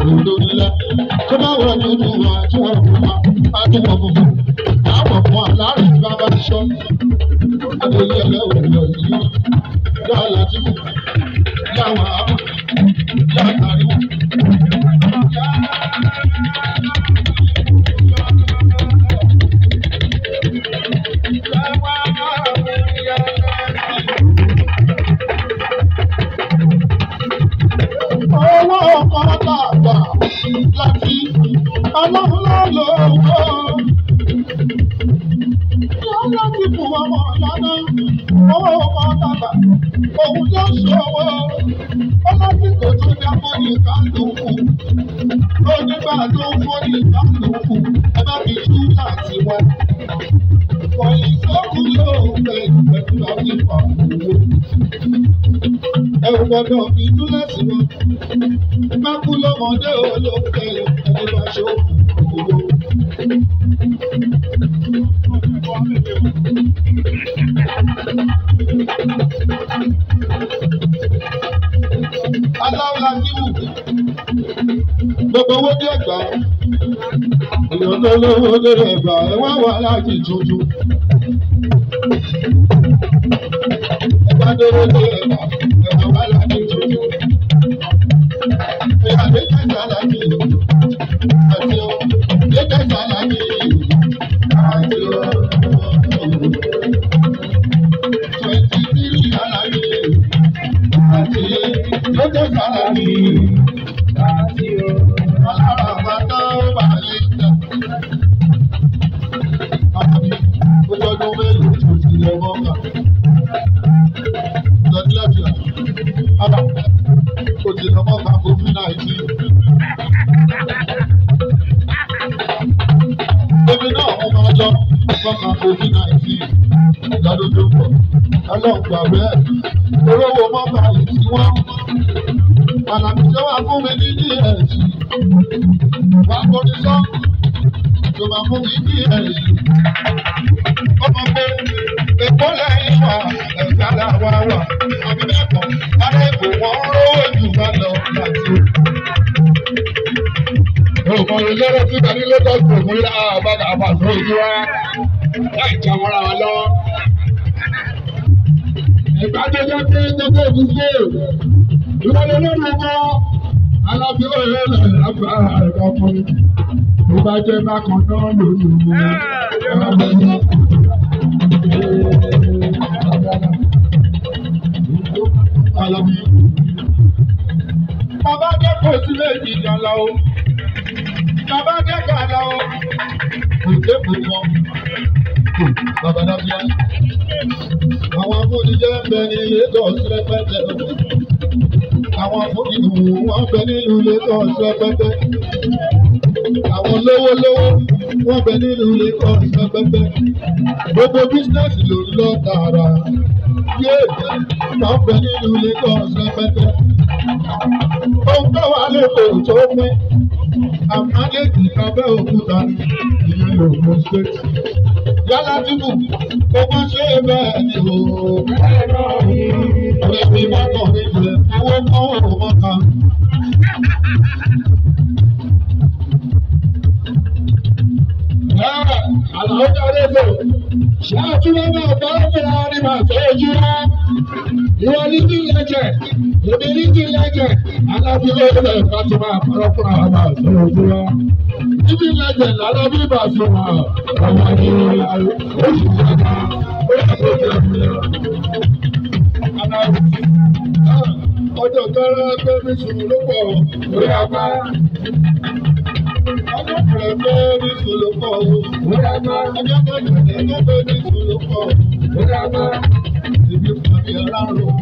olùdókòlá tó bá wọ dúdú wọn àtúwọ̀ funfun àtúwọ̀ funfun àwọ̀ fún aláàrẹ̀ tí bàbá ti sọ adéyẹlẹ òwúrọ̀ yìí yọ ọ làtìkù yàwọn àbọ̀. ọlọ́run ló lò ó. Lọ́lá ti kù ọmọ ìyáná, owó ọmọ bàbà, òun yóò ṣòwò. Ọlásìkò tó dá fóònù kálukú, lónígbà tó fóònù kálukú, ẹ bá ẹ ò gbọ́dọ̀ fi dúlẹ̀ sí wọn. bá kú lọ́mọdé ò ló ń pẹ́ ò ẹni bá ṣe òkú òwò. aláwòlá ti wù gbogbo owó bí ẹgbàá èèyàn lówó lórí ẹgbàá ẹ wá wà láti tuntun. Ẹgbàá tó lówó lórí ẹgbàá. thank you lójúbọ̀ ọlọ́gbà bẹ́ẹ̀ olówó mọ́tà yìí tí wọ́n pàlàbíjọ́ wa fún mi ní dsc wà kóni sọ ìjọba fún mi ní dsc ọmọ pé èkó lẹ́yìn wa ẹ̀ka là wá wà àbí bẹ́ẹ̀ kọ́ ara èkó wọ́n rówó jù bá lọ láti. Òkùnrin lọ́rọ̀ tí Tani ló tọ́jú òkùnrin láàbá àbàtò ìlú wa láì jẹun ra wọn lọ́wọ́ ìgbà tó jẹ́ pé gbogbo òdúgbò ìwọ ló lórí ọmọ aláfíà ọ̀rẹ́ rẹ̀ lábà rẹ̀ ọkùnrin tó bá jẹ́ bákan náà lórí ọmọ aláfíà. Bàbá kẹ́kọ̀ọ́ sílé ìjìnlẹ̀ lọ o. Bàbá kẹ́kọ̀ọ́ lọ o. Kò dé kò lọ bàbá bia, àwọn afúnijẹ ń bẹ ní Lagos rẹpẹtẹ àwọn afúnijù wọn bẹ nílùú Lagos rẹpẹtẹ àwọn lówó lówó wọn bẹ nílùú Lagos rẹpẹtẹ gbogbo bísínẹ́sì ló ń lọ tààrà yé wọn bẹ nílùú Lagos rẹpẹtẹ ohun tó wà lẹ́kọ̀ọ́ tó pín àmọ́ àdéhùn abẹ́ òkúta ìyẹn lòún ṣe yálà túbù kò mọ ṣe bẹ́ẹ̀ ni o. Èmi mọ́tò mi lè fowó kọ́ òun kan. Àlọ́ jáde lò, ṣé àtúwọ́ máa bá ọ̀fẹ́ àárín màá fẹ́ ojú rán? Ìwọ ní bí ilẹ̀ jẹ oníríkì lẹ́jẹ̀ alábílẹ̀ ilẹ̀ fatima àpárọ̀kùnrin àwọn àṣọwọ́ òjúwọ́ níbi lẹ́jẹ̀ lálábí ìbàṣọwọ́ ọmọ ìrìn àrò oṣù kẹta oṣù kẹta ọjọ́ kẹrẹ tẹ́lẹ̀ sùn ló pọ̀ lórí apá ọjọ́ kẹrẹ tẹ́lẹ̀ sùn ló pọ̀ lórí apá ọjọ́ kẹrẹ tẹ́lẹ̀ sùn ló pọ̀ lórí apá ìbí fún mi ọlọ́run.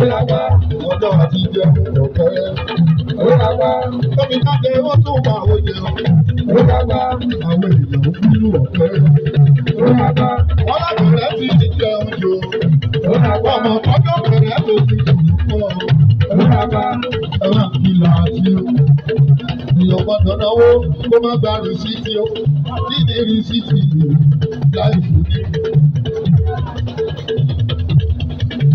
Oyàgbá ọjọ́ àtijọ́ ọ̀pẹ́. Oyàgbá tóbi jáde ó tún bá àwọn jẹun. Oyàgbá àwọn èèyàn kúrú ọ̀pẹ́. Oyàgbá wọn láti rẹ̀ ti ti jẹun jò. Oyàgbá ọmọ ọjọ́ bẹ̀rẹ̀ tó ti dùn fún ọ. Oyàgbá ẹ̀rọ ìlà àti ìyọ̀ gbọ́dọ̀ náwó kó má gba rìsíìtì ó. Kí ni rìsíìtì yìí láì fún mi?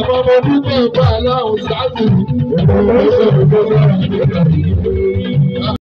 àwọn ọmọ dúdú ìgbà náà ń sáàbù ìgbà ló ń sọ̀rọ̀ gbọ́dọ̀.